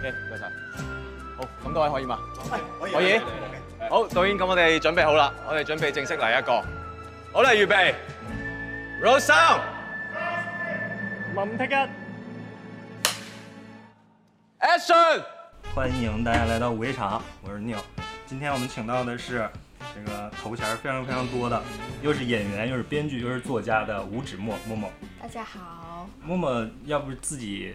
多謝，好，咁多位可以嗎？可以，可以，好，導演，咁我哋準備好啦，我哋準備正式嚟一個，好啦，預備，Rose，林聽一，Action！歡迎大家來到午夜場，我是 Neil，今天我們請到的是這個頭銜非常非常多的，又是演員又是編劇又是作家的吳沚默，Momo，大家好，Momo 要不自己。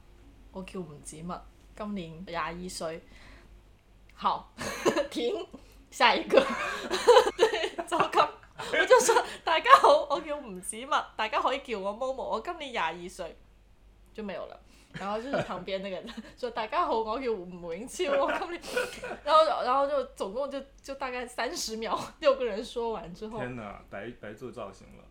我叫吳沚默，今年廿二歲。好，停，下一個， 對，就咁。我就說大家好，我叫吳沚默，大家可以叫我 Momo，我今年廿二歲。就沒有了。然後就是旁邊嗰個人就 大家好，我叫吳，吳永超。我今年， 然後然後就總共就就大概三十秒，六個人說完之後，天啊，白白做造型了。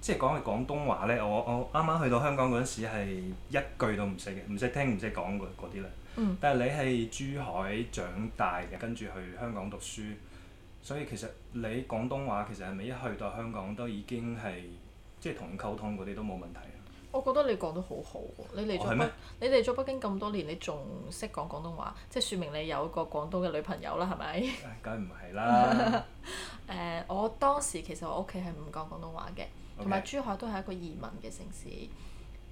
即係講起廣東話呢，我我啱啱去到香港嗰陣時係一句都唔識嘅，唔識聽唔識講嗰啲啦。嗯、但係你係珠海長大嘅，跟住去香港讀書，所以其實你廣東話其實係咪一去到香港都已經係即係同溝通嗰啲都冇問題啊？我覺得你講得好好喎！你嚟咗北你嚟咗北京咁多年，你仲識講廣東話，即係説明你有一個廣東嘅女朋友啦，係咪？梗唔係啦！我當時其實我屋企係唔講廣東話嘅。同埋 Okay. 珠海都係一個移民嘅城市，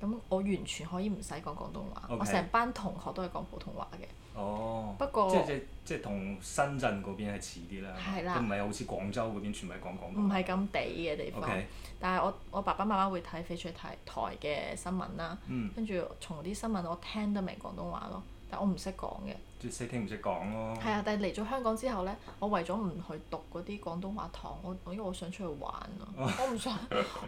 咁我完全可以唔使講廣東話，Okay. 我成班同學都係講普通話嘅。哦，oh, 不過即係即同深圳嗰邊係似啲啦，係啦，唔係好似廣州嗰邊全部係講廣東話，唔係咁地嘅地方。Okay. 但係我我爸爸媽媽會睇翡翠台台嘅新聞啦，跟住、嗯、從啲新聞我聽得明廣東話咯。但我唔識講嘅，只識聽唔識講咯。係啊，但係嚟咗香港之後呢，我為咗唔去讀嗰啲廣東話堂，我我因為我想出去玩啊，我不， 我唔想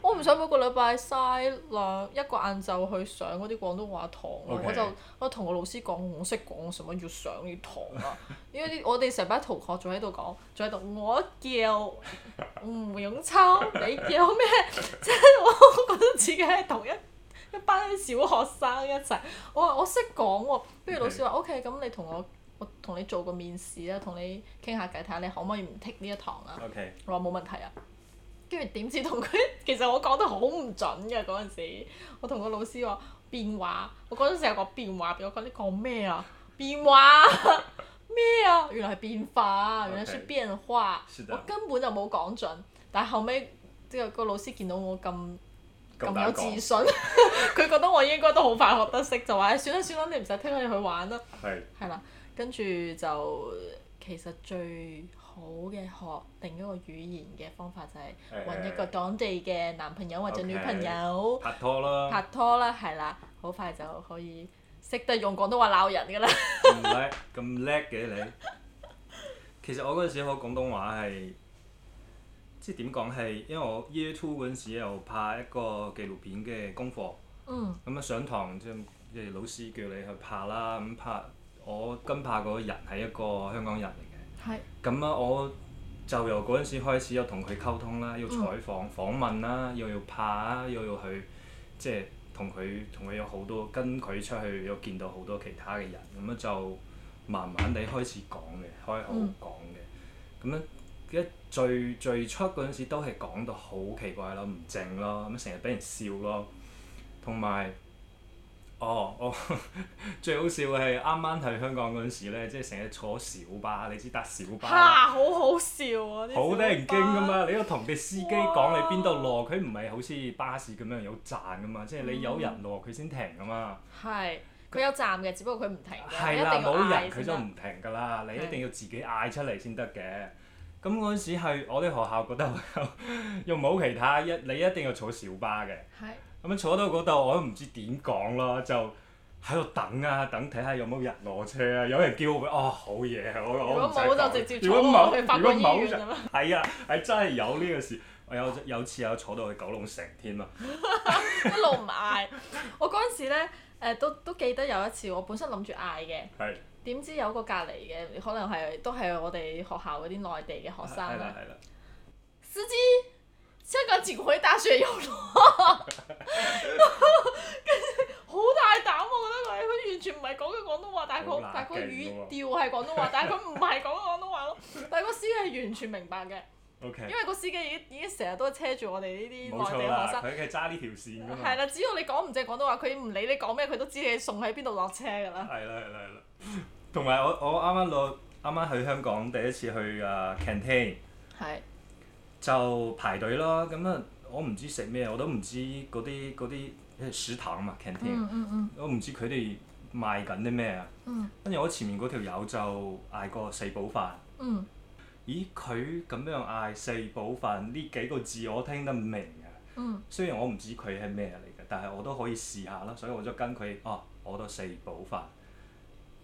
我唔想每個禮拜嘥兩一個晏晝去上嗰啲廣東話堂啊 Okay.，我就我同個老師講我識講，我做乜要上呢堂啊？ 因為啲我哋成班同學仲喺度講，仲喺度我叫吳永 秋，你叫咩？即係我覺得自己係同一。一班小學生一齊，我話我識講喎，跟住老師話：O K，咁你同我，我同你做個面試啦，同你傾下偈，睇下你可唔可以唔剔呢一堂啊？O K。Okay. 我話冇問題啊。跟住點知同佢，其實我講得好唔準嘅嗰陣時，我同個老師話變話，我嗰陣時有個變話俾我講，你講咩啊？變話咩 啊？原來係變化，原來是變化。是的。我根本就冇講準，的但後屘即係個老師見到我咁。咁有自信，佢 覺得我應該都好快學得識，就話算啦算啦，你唔使聽我哋去玩啦，係啦是，跟住就其實最好嘅學另一個語言嘅方法就係、是、揾、欸欸、一個當地嘅男朋友或者女朋友，okay, 拍拖啦，拍拖啦，係啦，好快就可以識得用廣東話鬧人噶啦，咁叻咁叻嘅你，其實我嗰陣時學廣東話係。即係點講係，因為我 Year Two 嗰陣時又拍一個紀錄片嘅功課，咁啊、嗯、上堂即係老師叫你去拍啦，咁拍我跟拍嗰人係一個香港人嚟嘅，咁啊是我就由嗰陣時開始，有同佢溝通啦，要採訪、嗯、訪問啦，又要拍啊，又要去即係同佢同佢有好多跟佢出去，有見到好多其他嘅人，咁啊就慢慢地開始講嘅，開口講嘅，咁樣、嗯。一最最初嗰陣時都係講到好奇怪咯，唔正咯，咁成日俾人笑咯，同埋哦哦呵呵，最好笑嘅係啱啱喺香港嗰陣時咧，即係成日坐小巴，你知搭小巴嚇，好好笑啊！好得人驚噶嘛，你要同啲司機講你邊度落，佢唔係好似巴士咁樣有站噶嘛，即係你有人落佢先停噶嘛。係、嗯，佢有站嘅，只不過佢唔停。係啦的，冇人佢都唔停㗎啦，的你一定要自己嗌出嚟先得嘅。咁嗰陣時係我哋學校覺得又又冇其他一，你一定要坐小巴嘅。係的。咁樣坐到嗰度我都唔知點講咯，就喺度等啊等，睇下有冇人落車啊！有人叫佢，哦好嘢，我講。如果冇就直接坐翻去法國醫院，係啊，係真係有呢個事。我有有次啊，坐到去九龍城添啊，一路唔嗌。我嗰陣時咧，誒都都記得有一次，我本身諗住嗌嘅。係。點知有個隔離嘅，可能係都係我哋學校嗰啲內地嘅學生啦。司機香個前會打水有咯，跟 住 好大膽，我覺得佢，佢完全唔係講嘅廣東話，啊、但係佢，但係佢語調係廣東話， 但係佢唔係講廣東話咯， 但係個司機係完全明白嘅。Okay，因為個司機已經已經成日都車住我哋呢啲內地學生，係啦，佢佢揸呢條線㗎嘛。係啦，只要你講唔正廣東話，佢唔理你講咩，佢都知你送喺邊度落車㗎啦。係啦，係啦，係啦。同埋我我啱啱落啱啱去香港第一次去啊 canteen，係就排隊啦。咁啊，我唔知食咩，我都唔知嗰啲嗰啲即係食堂啊嘛 canteen。嗯。嗯我嗯我唔知佢哋賣緊啲咩啊。跟住我前面嗰條友就嗌個四寶飯。嗯。咦，佢咁樣嗌四寶飯呢幾個字我聽得明啊！嗯、雖然我唔知佢係咩嚟嘅，但係我都可以試下啦。所以我就跟佢哦、啊，攞到四寶飯。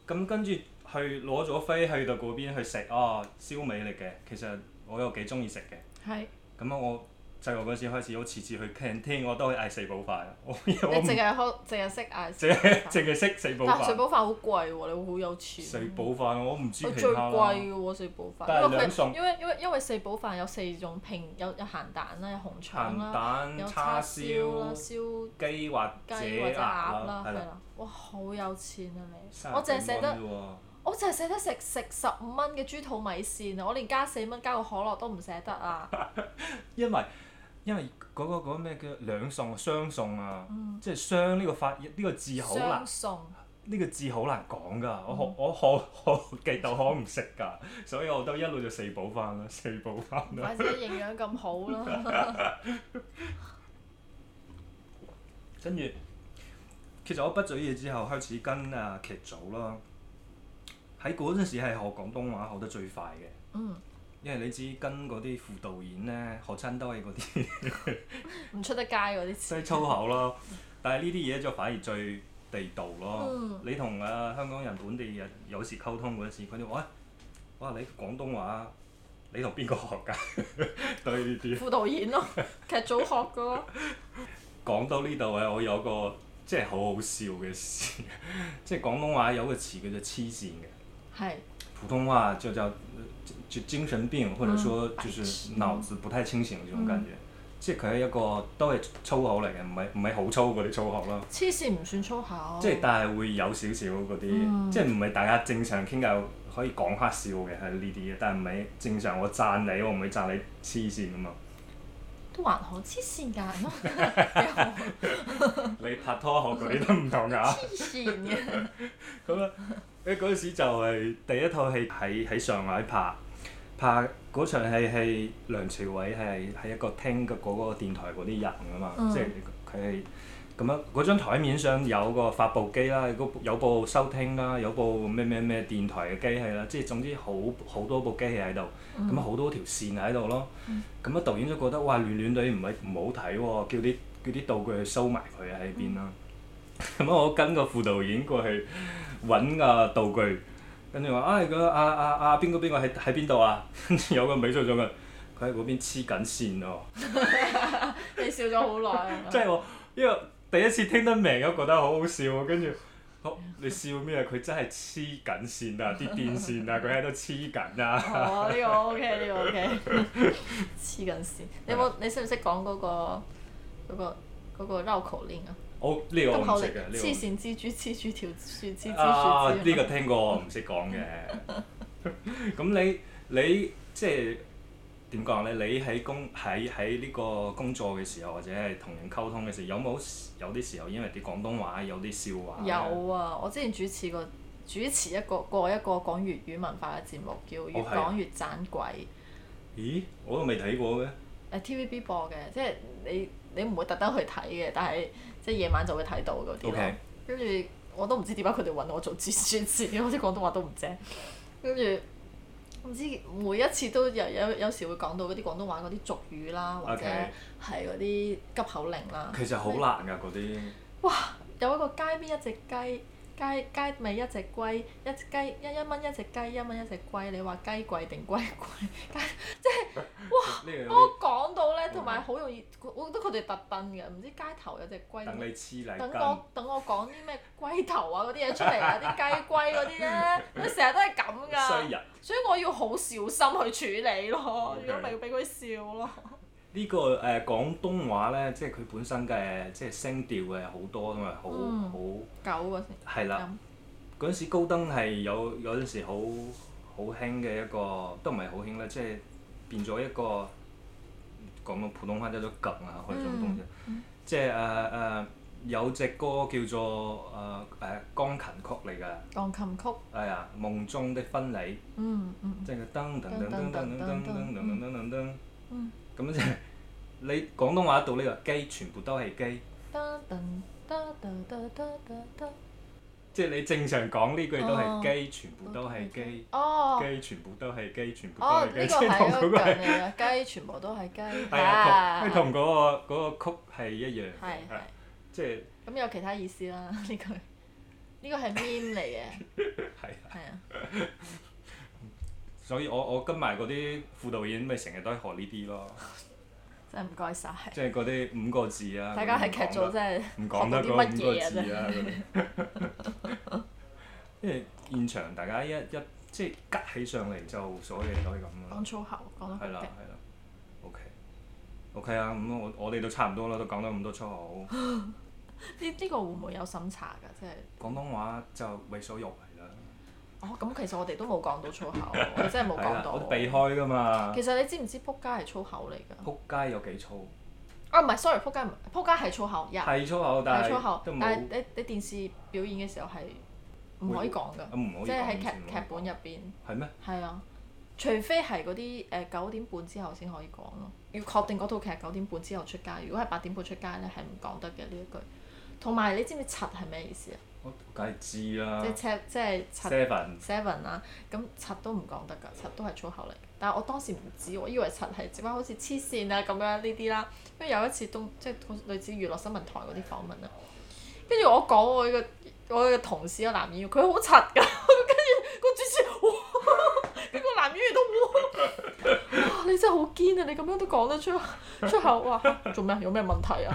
咁、啊、跟住去攞咗飛去到嗰邊去食哦、啊，燒味嚟嘅。其實我又幾中意食嘅。係是。咁啊我。細個嗰陣時開始，我次次去 canteen，我都去嗌四寶飯。我淨係可，淨係識嗌四寶飯。四寶，但四寶飯好貴喎，你好有錢。四寶飯我唔知其他最貴嘅喎，四寶飯。因為因為因為四寶飯有四種平，有有鹹蛋啦，有紅腸啦，有叉燒、燒雞或雞或者鴨啦，係啦。哇！好有錢啊你！我淨係捨得，我淨係捨得食食十五蚊嘅豬肚米線啊！我連加四蚊加個可樂都唔捨得啊！因為因為嗰個、嗰個嗰個、嗰個咩叫兩送雙送啊，嗯、即係雙呢個發呢、這個、字好難，呢頌個字好難講噶。我學、嗯、我學學極都可唔識噶，所以我都一路就四補翻啦，四補翻啦。或者營養咁好咯。跟住， 其實我畢咗業之後開始跟啊劇組啦。喺嗰陣時係學廣東話學得最快嘅。嗯。因為你知跟嗰啲副導演咧學親都係嗰啲唔出得街嗰啲，即係粗口咯。 但係呢啲嘢就反而最地道咯。嗯、你同啊香港人本地人有時溝通嗰陣時，佢哋話：哇，哇你廣東話，你同邊個學㗎、啊？對呢啲副導演咯，劇組學嘅咯。講 到呢度咧，我有個即係好好笑嘅事，即係廣東話有個詞叫做黐線嘅。係。普通話就叫，就精神病，或者說就是腦子不太清醒這種感覺。即係佢係一個都係粗口嚟嘅，唔係唔係好粗嗰啲粗口咯。黐線唔算粗口。即係但係會有少少嗰啲，即係唔係大家正常傾偈可以講下笑嘅係呢啲嘢，但係唔係正常我讚你，我唔會讚你黐線咁嘛。還好黐線㗎，咁、嗯、 你拍拖學嗰你都唔同㗎。黐線嘅。咁啊，誒嗰 經的 時就係第一套戲喺喺上海拍，拍嗰場戲係梁朝偉係喺一個廳嘅嗰個電台嗰啲人啊嘛，嗯、即係佢係。咁樣嗰張台面上有個發佈機啦，有部收聽啦，有部咩咩咩電台嘅機器啦，即係總之好好多部機器喺度，咁啊好多條線喺度咯。咁啊、嗯、導演都覺得哇亂亂哋唔係唔好睇喎，哦，叫啲叫啲道具去收埋佢喺邊啦。咁啊、嗯、 我跟個副導演過去揾啊道具，跟住話唉個啊啊啊邊個邊個喺喺邊度啊？跟住、啊啊啊啊、 有個美術組嘅佢喺嗰邊黐緊線哦。 你笑咗好耐。即係 我因為。第一次聽得明啊，覺得好好笑，跟住、哦，你笑咩啊？佢真係黐緊線啊，啲電線啊，佢喺度黐緊啊！ 哦，呢個 O K，呢個 O K，黐緊線。你有冇？你識唔識講嗰個嗰個嗰個繞口令、哦呢個呢個、啊？我呢個唔識嘅，黐線蜘蛛黐住條樹枝。啊，呢個聽過，唔識講嘅。咁你你即係？就是點講咧？你喺工喺喺呢個工作嘅時候，或者係同人溝通嘅時候，有冇有啲時候因為啲廣東話有啲笑話？有啊！我之前主持過主持一個過一個講粵語文化嘅節目，叫《越講越盞鬼》。咦？我都未睇過嘅。誒 TVB 播嘅，即係你你唔會特登去睇嘅，但係即係夜晚就會睇到嗰啲咯。跟住我都唔知點解佢哋揾我做主持，因為好似啲廣東話都唔正。跟住。唔知，每一次都有有有時會講到嗰啲廣東話嗰啲俗語啦，Okay. 或者係嗰啲急口令啦。其實好難㗎，嗰啲、就是。些哇！有一個街邊一隻雞。雞雞咪一隻龜，一隻雞一蚊一隻雞一蚊一隻雞，一蚊一隻龜。你話雞貴定龜貴？雞即係哇！ 我講到咧，同埋好容易， 我覺得佢哋特登嘅，唔知街頭有隻龜。等，等我等我講啲咩龜頭啊嗰啲嘢出嚟啊，啲 雞龜嗰啲咧，佢成日都係咁噶。衰人。所以我要好小心去處理咯， 如果咪要俾佢笑咯。呢個誒廣東話咧，即係佢本身嘅即係聲調嘅好多同埋好好。九嗰時。係啦，嗰陣時高登係有有陣時好好興嘅一個，都唔係好興啦，即係變咗一個講普通話都做噉啊嗰種東西，即係誒誒有隻歌叫做誒誒鋼琴曲嚟㗎。鋼琴曲。係啊，夢中的婚禮。嗯嗯。即係噔噔噔噔噔噔噔噔噔噔噔。嗯。咁即係你廣東話到呢個雞，全部都係雞。即係你正常講呢句都係雞，全部都係雞。哦。雞全部都係雞，全部都係雞。雞全部都係雞。係啊，雞同嗰個曲係一樣。係係。即係。咁有其他意思啦，呢句。呢個係 mean 嚟嘅。係。係啊。所以我我跟埋嗰啲副導演，咪成日都係學呢啲咯。真係唔該晒。即係嗰啲五個字啊。大家喺劇組真係唔講得嗰、啊、乜嘢字啊。即為 現場大家一一即係夾起上嚟就所有嘢可以咁。講粗口講得。係啦係啦。O K O K 啊，咁我我哋都差唔多啦，都講得咁多粗口。呢呢 個會唔會有審查㗎？即係。廣東話就為所欲。咁、哦、其實我哋都冇講到粗口， 我哋真係冇講到。我哋避開㗎嘛。其實你知唔知撲街係粗口嚟㗎？撲街有幾粗？啊唔係，sorry，撲街撲街係粗口，係粗口，但係粗口。係但係你但你，你電視表演嘅時候係唔可以講㗎，說即係喺劇劇本入邊。係咩嗎？係啊，除非係嗰啲誒九點半之後先可以講咯。要確定嗰套劇九點半之後出街。如果係八點半出街咧，係唔講得嘅呢一句。同埋你知唔知柒係咩意思啊？梗係知啦，即係七，即係七，seven 啦。咁七都唔講得㗎，七都係粗口嚟。但係我當時唔知，我以為七係即係好似黐線啊咁樣呢啲啦。因為有一次東，即係類似娛樂新聞台嗰啲訪問啦。跟住我講我個我個同事個男演員，佢好柒㗎。跟住個主持、 啊，哇！跟個男演員都哇！你真係好堅啊！你咁樣都講得出出口哇？做咩？有咩問題啊？